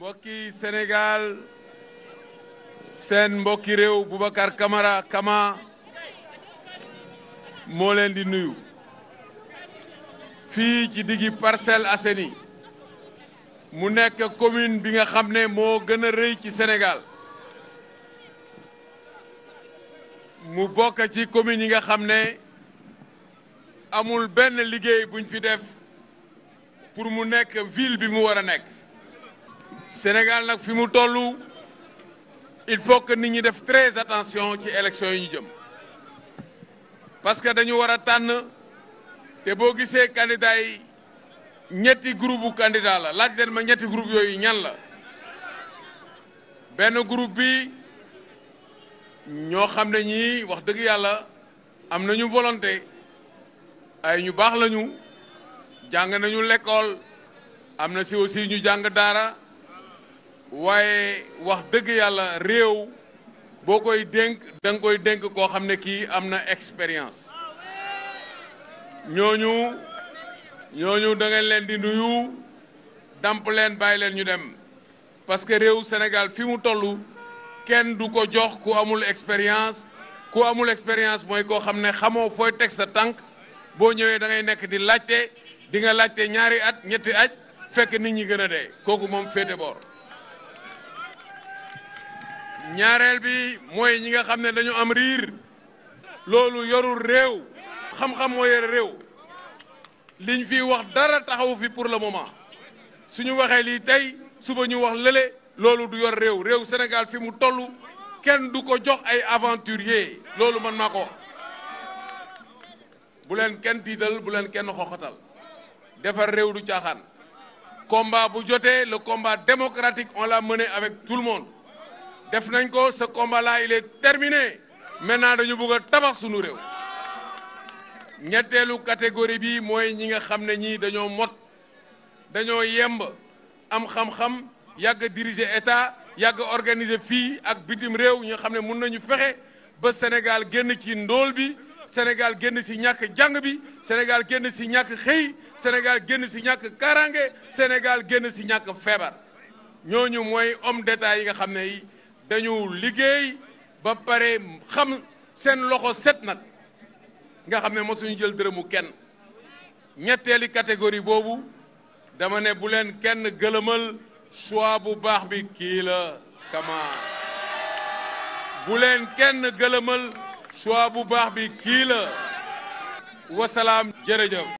mbokki Sénégal seen mbokki réew Boubacar Camara Kama moo leen di nuyu fii ci diggi Parcelles Assainies mu nekk commune bi nga xam ne moo gën a rëy ci Sénégal mu bokk ci commune yi nga xam ne amul benn liggéey buñ fi def pour mu nekk ville bi mu war a nekk Sénégal nag fi mu tollu il faut que nit ñi def très attention ci élection yi ñu jëm parce que dañu war a tànn te boo gisee candidat ñetti groupe bu candidat la laaj leen ma ñetti groupe yooyu ñan la benn groupe bi ñoo xam ne ñii wax dëgg yàlla am na ñu volonté ay ñu baax lañu jàng nañu l'école am na si aussi ñu jàng daara waaye wax dëgg yàlla réew boo koy dénk da nga koy dénk koo xam ne kii am na expérience ñooñu ñooñu da ngeen leen di nuyu damp leen bàyyi leen ñu dem parce que réew Sénégal fi mu toll kenn du ko jox ku amul expérience ku amul expérience mooy koo xam ne xamoo fooy teg sa tànk boo ñëwee dangay nekk di laajte di nga laajte ñaari at ñetti at fekk nit ñi gën a dee kooku moom féete boor ñaareel bi mooy ñi nga xam ne dañu am riir loolu yorul réew xam-xam moo yore réew liñ fi wax dara taxawu fi pour le moment suñu waxee lii tey suba ñu wax lële loolu du yor réew réew Sénégal fi mu toll kenn du ko jox ay aventurier loolu man maa ko wax bu leen kenn tiital bu leen kenn xoxatal defar réew du caaxaan komba bu jotee la combat démocratique on l'a mené avec tout le def nañ ko ce combat là il est terminé maintenant dañu bëgg tabax suñu réew ñetteelu catégorie bi mooy ñi nga xam ne ñii dañoo mot dañoo yemb am xam-xam yàgg diriger état yàgg organiser fii ak bitim réew ñi nga xam ne mun nañu fexe ba Sénégal génn ci ndool bi Sénégal génn si ñàkk jàng bi Sénégal génn si ñàkk xëy Sénégal génn si ñàkk kaaraange Sénégal génn si ñàkk feebar ñooñu mooy homme d'état yi nga xam ne yi dañu liggéey ba pare xam seen loxo set nag nga xam ne mosuñu jël dërëmu kenn ñetteeli catégorie boobu dama ne bu leen kenn gëlëmal choix bu baax bi kii la kama bu leen kenn gëlëmal choix bu baax bi kii la wasalaam jërëjëf